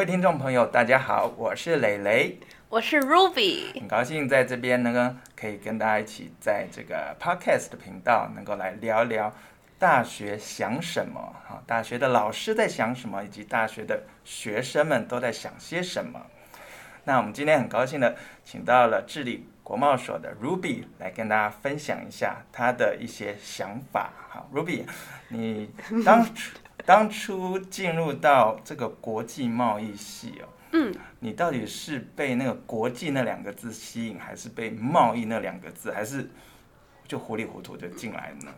各位聽眾朋友，大家好，我是蕾蕾。我是 Ruby，很高興在這邊能夠可以跟大家一起在這個 podcast 的頻道，能夠來聊一聊大學想什麼，好，大學的老師在想什麼，以及大學的學生們都在想些什麼。那我們今天很高興的請到了智利國貿所的 Ruby 來跟大家分享一下他的一些想法，好，Ruby，你當。 當初進入到這個國際貿易系哦，嗯，你到底是被那個“國際”那兩個字吸引，還是被“貿易”那兩個字，還是就糊裡糊塗就進來呢？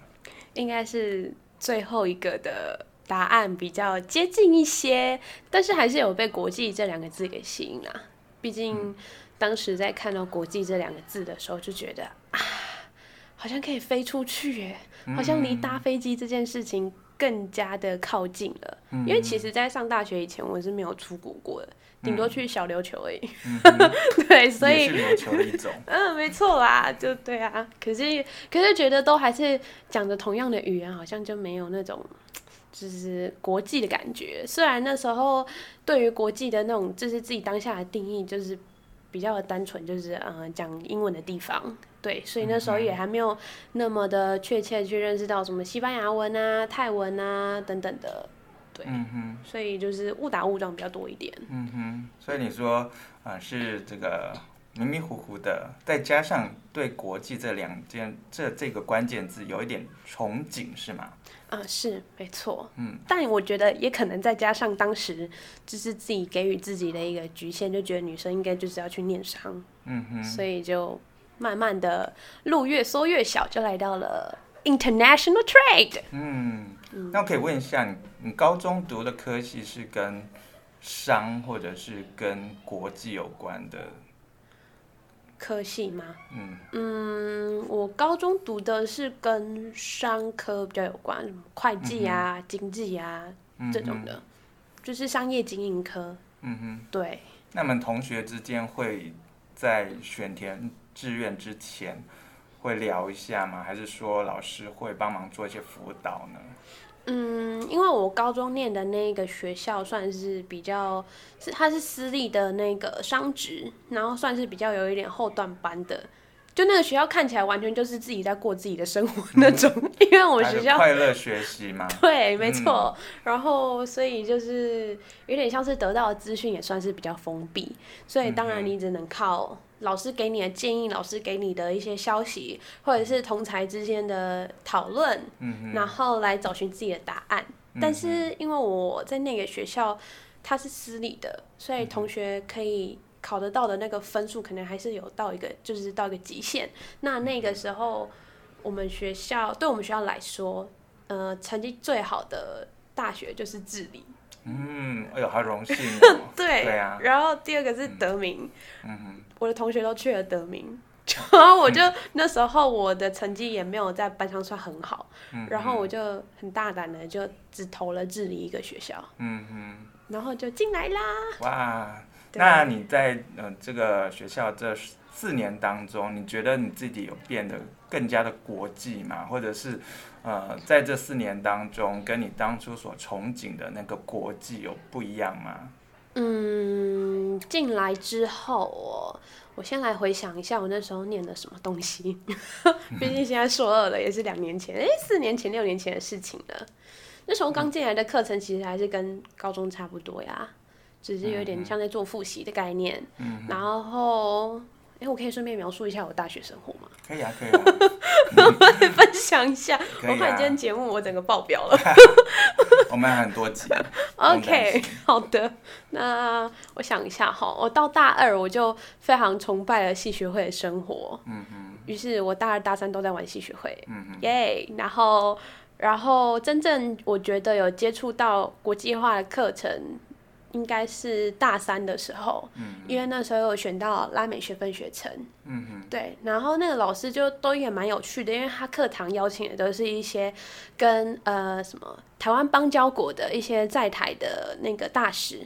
應該是最後一個的答案比較接近一些，但是還是有被“國際”這兩個字給吸引了、啊。畢竟當時在看到“國際”這兩個字的時候，就覺得、嗯、啊，好像可以飛出去，耶，好像離搭飛機這件事情、嗯。更加的靠近了，因為其實，在上大學以前，我是沒有出國過的，嗯、頂多去小琉球而已。嗯嗯嗯、 對，所以琉球一種， 嗯，沒錯啦，就對啊。可是，可是覺得都還是講着同樣的語言，好像就沒有那種就是國際的感覺。雖然那時候對於國際的那種，就是自己當下的定義，就是比較的單純，就是嗯，呃、講英文的地方。對，所以那時候也還沒有那麼的確切去認識到什麼西班牙文啊、泰文啊等等的，對，嗯哼，所以就是誤打誤撞比較多一點。嗯哼，所以你說啊、呃，是這個迷迷糊糊的，再加上對國際這兩件這這個關鍵字有一點憧憬，是嗎？啊、呃，是沒錯。嗯，但我覺得也可能再加上當時就是自己給予自己的一個侷限，就覺得女生應該就是要去念商。嗯哼，所以就。慢慢的，路越縮越小，就來到了 International trade。嗯，那我可以問一下你，你高中讀的科系是跟商或者是跟國際有關的科系嗎？嗯嗯，我高中讀的是跟商科比較有關，什麼會計啊、嗯、哼經濟啊、嗯、哼這種的，就是商業經營科。嗯哼，對。那你們同學之間會。在選填志願之前，會聊一下嗎？還是說老師會幫忙做一些輔導呢？嗯，因為我高中念的那個學校算是比較，是它是私立的那個商職，然後算是比較有一點後段班的。就那個學校看起來完全就是自己在過自己的生活那種，嗯、哼因為我們學校快樂學習嘛。對，沒錯。嗯、然後，所以就是有點像是得到的資訊也算是比較封閉，所以當然你只能靠老師給你的建議、嗯、哼老師給你的一些消息，或者是同儕之間的討論，嗯、哼然後來找尋自己的答案。嗯、哼但是因為我在那個學校它是私立的，所以同學可以。考得到的那個分數，可能還是有到一個，就是到一個極限。那那個時候，嗯、哼我們學校對我們學校來說，呃，成績最好的大學就是致理。嗯，哎呦，好榮幸、哦。 對，對、啊、然後第二個是德明。嗯哼我的同學都去了德明，嗯、哼 然後我就、嗯、哼那時候我的成績也沒有在班上算很好，嗯、哼然後我就很大膽的就只投了致理一個學校。嗯哼。然後就進來啦。哇。那你在、呃、這個學校這四年當中，你覺得你自己有變得更加的國際嗎？或者是呃在這四年當中，跟你當初所憧憬的那個國際有不一樣嗎？嗯，進來之後，我我先來回想一下我那時候念的什麼東西。 畢竟現在碩二了，也是兩年前，哎，四年前、六年前的事情了。那時候剛進來的課程其實還是跟高中差不多呀。只是有點像在做複習的概念。嗯、哼然後，哎、欸，我可以順便描述一下我大學生活嗎？可以啊，可以啊。分享一下，啊、我看你今天節目，我整個爆表了。 我們還很多集。OK，好的。那我想一下哈，我到大二我就非常崇拜了系學會的生活。嗯嗯哼。於是我大二大三都在玩系學會。嗯嗯哼。耶！Yeah, 然後，然後真正我覺得有接觸到國際化的課程。應該是大三的時候，嗯、哼因為那時候我選到拉美學分學程，嗯、哼對，然後那個老師就都也蠻有趣的，因為他課堂邀請的都是一些跟呃什麼台灣邦交國的一些在台的那個大使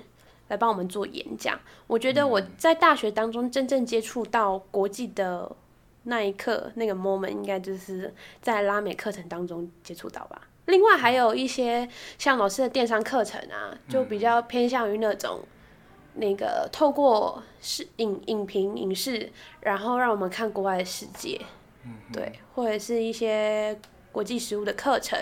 來幫我們做演講。我覺得我在大學當中真正接觸到國際的那一刻，那個 moment 應該就是在拉美課程當中接觸到吧。另外還有一些像老師的電商課程啊，就比較偏向於那種，嗯、那個透過視影影評影視，然後讓我們看國外的世界，嗯、哼對，或者是一些國際事務的課程，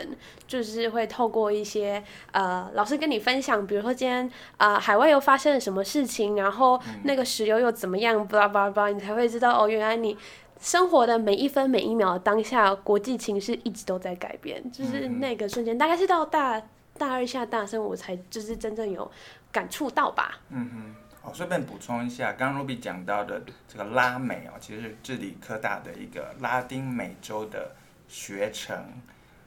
就是會透過一些呃，老師跟你分享，比如說今天呃海外又發生了什麼事情，然後那個石油又怎麼樣，巴拉巴拉巴拉，你才會知道哦，原來你。生活的每一分每一秒，當下國際情勢一直都在改變，嗯哼，就是那個瞬間，大概是到大大二下大三，我才就是真正有感觸到吧。嗯哼，好，順便補充一下，剛剛 Ruby 講到的這個拉美哦，其實是智利科大的一個拉丁美洲的學程。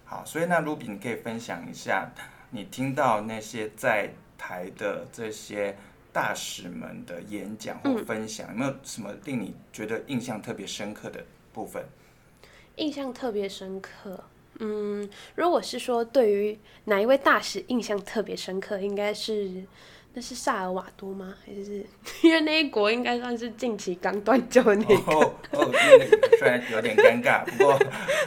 好，所以那 Ruby 你可以分享一下，你聽到那些在台的這些。大使們的演講或分享，嗯、有沒有什麼令你覺得印象特別深刻的部分？印象特別深刻，嗯，如果是說對於哪一位大使印象特別深刻，應該是那是薩爾瓦多嗎？還是因為那一國應該算是近期剛斷交那一國，哦？哦，雖然有點尷尬， 不過，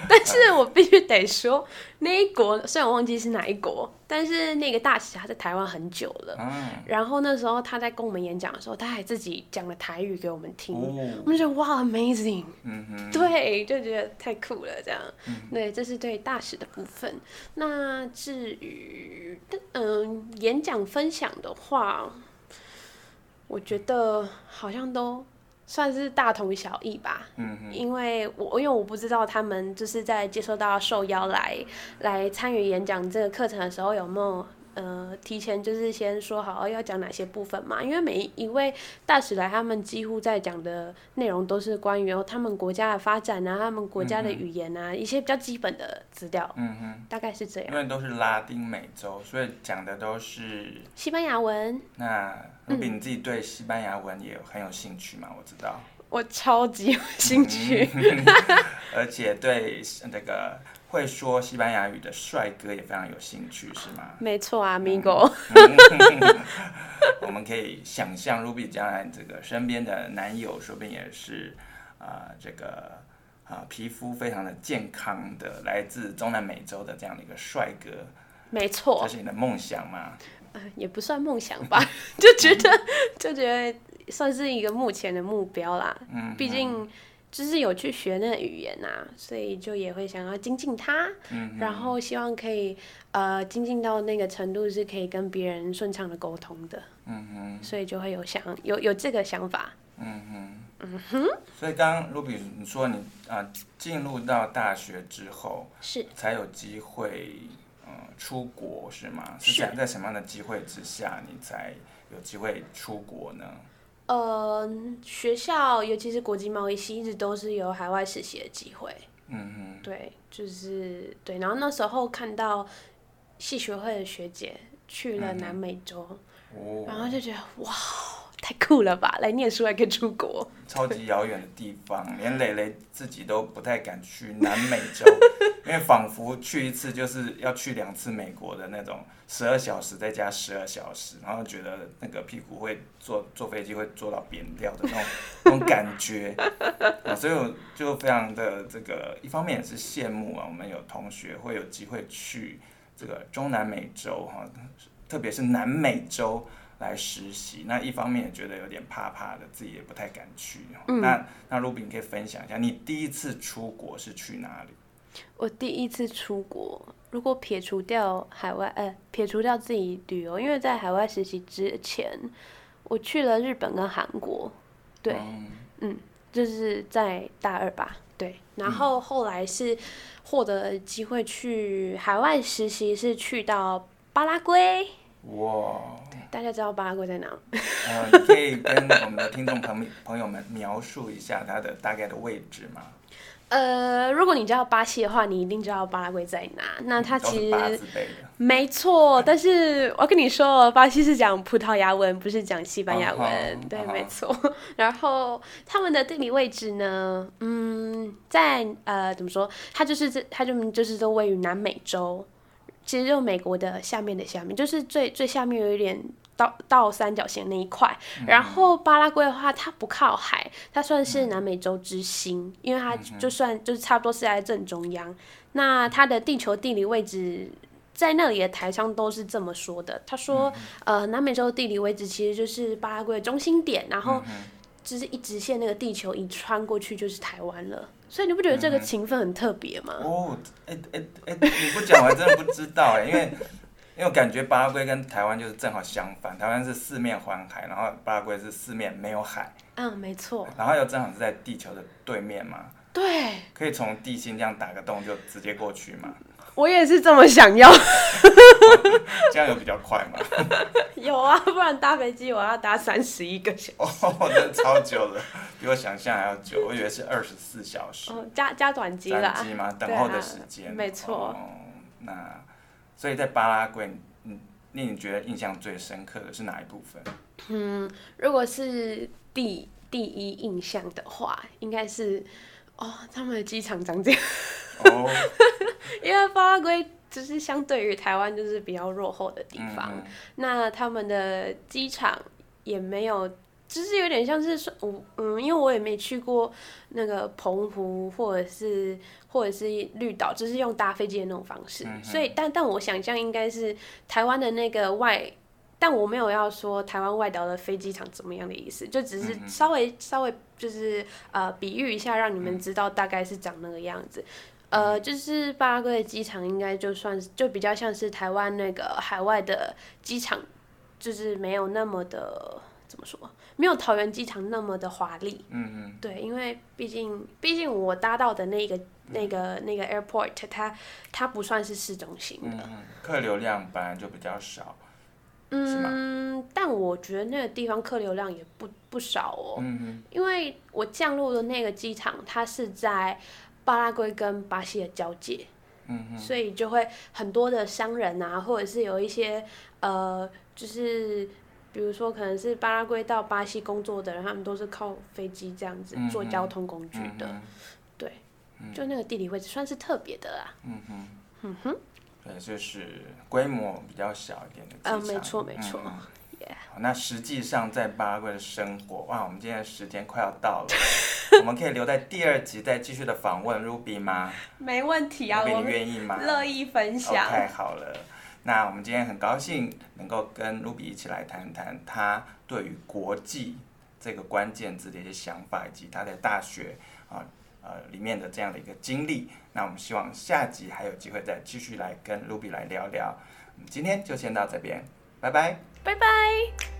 但是我必須得說， 那一國雖然我忘記是哪一國。但是那個大使他在台灣很久了，啊、然後那時候他在跟我們演講的時候，他還自己講了台語給我們聽，哦、我們就覺得哇，amazing，、嗯、哼對，就覺得太酷了這樣。嗯、哼對，這是對大使的部分。那至於嗯、呃、演講分享的話，我覺得好像都。算是大同小異吧，嗯哼，因為我因為我不知道他們就是在接受到受邀來來參與演講這個課程的時候有沒有。呃，提前就是先說好要講哪些部分嘛，因為每一位大使來，他們幾乎在講的內容都是關於他們國家的發展啊，他們國家的語言啊，嗯哼，一些比較基本的資料，嗯哼，大概是這樣。因為都是拉丁美洲，所以講的都是西班牙文。那盧比，你自己對西班牙文也很有興趣嗎？嗯、我知道，我超級有興趣，嗯、而且對那、這個。會說西班牙語的帥哥也非常有興趣，是嗎？沒錯啊 amigo 我們可以想象，Ruby 將來這個身邊的男友，說不定也是啊、呃，這個、呃、皮膚非常的健康的，來自中南美洲的這樣的一個帥哥。沒錯錯，這是你的夢想嗎、呃？也不算夢想吧， 就覺得就覺得算是一個目前的目標啦。嗯哼，畢竟。就是有去學那個語言啊，所以就也會想要精進它，嗯、哼然後希望可以呃精進到那個程度，是可以跟別人順暢的溝通的。嗯哼，所以就會有想有有這個想法。嗯哼，嗯哼。所以剛剛 Ruby 你說你啊進、呃、入到大學之後是才有機會、呃、出國是嗎？是想是在什麼樣的機會之下你才有機會出國呢？嗯、呃，學校尤其是國際貿易系一直都是有海外實習的機會。嗯嗯哼，對，就是對。然後那時候看到系學會的學姐去了南美洲，嗯 Oh. 然後就覺得哇。太酷了吧！來念書還可以出國，超級遙遠的地方，連磊磊自己都不太敢去南美洲， 因為仿佛去一次就是要去兩次美國的那種十二小時再加十二小時，然後覺得那個屁股會坐坐飛機會坐到扁掉的那種 那種感覺 啊，所以我就非常的這個一方面也是羨慕啊，我們有同學會有機會去這個中南美洲哈，特別是南美洲。來實習，那一方面也覺得有點怕怕的，自己也不太敢去。嗯、那那盧比，你可以分享一下，你第一次出國是去哪裡？我第一次出國，如果撇除掉海外，呃，撇除掉自己旅遊，因為在海外實習之前，我去了日本跟韓國。對，嗯，嗯，就是在大二吧。對，然後後來是獲得機會去海外實習，是去到巴拉圭。哇 Wow,！大家知道巴拉圭在哪？呃，可以跟我們的聽眾朋朋友們描述一下它的大概的位置嗎？ 呃，如果你知道巴西的話，你一定知道巴拉圭在哪。那它其實……沒錯，但是我要跟你說了，巴西是講葡萄牙文，不是講西班牙文。Uh huh, uh huh. 對，沒錯。然後他們的地理位置呢？嗯，在呃，怎麼說？它就是這，它就就是都位於南美洲。其實就美國的下面的下面，就是最最下面有一點倒倒三角形那一塊。嗯、哼然後巴拉圭的話，它不靠海，它算是南美洲之心，嗯、哼因為它就算就是差不多是在正中央。嗯、哼那它的地球地理位置，在那裡的台商都是這麼說的，他說、嗯、哼呃，南美洲地理位置其實就是巴拉圭的中心點，然後。嗯就是一直線，那個地球，一穿過去就是台灣了，所以你不覺得這個情分很特別嗎、嗯？哦，哎哎哎，你不講我還真的不知道哎、欸， 因為因為我感覺巴拉圭跟台灣就是正好相反，台灣是四面環海，然後巴拉圭是四面沒有海。嗯，沒錯。然後又正好是在地球的對面嘛。對。可以從地心這樣打個洞就直接過去嘛。我也是這麼想要。哦，這樣有比較快嘛？ 有啊，不然搭飛機我要搭三十一個小時， 哦、真的超久了，比我想象還要久。我以為是二十四小時，哦、加加轉機啦。機嗎？等候的時間、啊。沒錯、哦。那所以在巴拉圭你，你覺得印象最深刻的是哪一部分？嗯，如果是第第一印象的話，應該是。哦，oh, 他們的機場長這樣 ，oh. 因為巴拉圭就是相對於台灣就是比較落後的地方，mm hmm. 那他們的機場也沒有，就是有點像是說，嗯，因為我也沒去過那個澎湖或者是或者是綠島，就是用搭飛機的那種方式，mm hmm. 所以但但我想像應該是台灣的那個外。但我沒有要說台灣外島的飛機場怎麼樣的意思，就只是稍微、嗯、哼稍微就是呃比喻一下，讓你們知道大概是長那個樣子。嗯、呃，就是巴拉圭的機場應該就算就比較像是台灣那個海外的機場，就是沒有那麼的怎麼說，沒有桃園機場那麼的華麗。嗯嗯哼。對，因為畢竟畢竟我搭到的那個、嗯、那個那個 airport，它它不算是市中心。嗯。客流量本來就比較少。是嗯，但我覺得那個地方客流量也不不少哦。嗯、哼因為我降落的那個機場，它是在巴拉圭跟巴西的交界。嗯哼所以就會很多的商人啊，或者是有一些呃，就是比如說可能是巴拉圭到巴西工作的人，他們都是靠飛機這樣子、嗯、哼做交通工具的。嗯、哼對。就那個地理位置算是特別的啦。嗯哼。嗯哼。也就是規模比較小一點的機場，啊，沒錯沒錯，嗯 Yeah.。那實際上在巴布的生活，哇，我們今天的時間快要到了， 我們可以留在第二集再繼續的訪問 Ruby 嗎？沒問題啊，Ruby 願意嗎？樂意分享。太、okay, 好了，那我們今天很高興能夠跟 Ruby 一起來談談他對於國際這個關鍵字的一些想法，以及他的大學啊。呃，裡面的這樣的一個經歷，那我們希望下集還有機會再繼續來跟 Ruby 來聊聊。我們今天就先到這邊，拜拜，拜拜。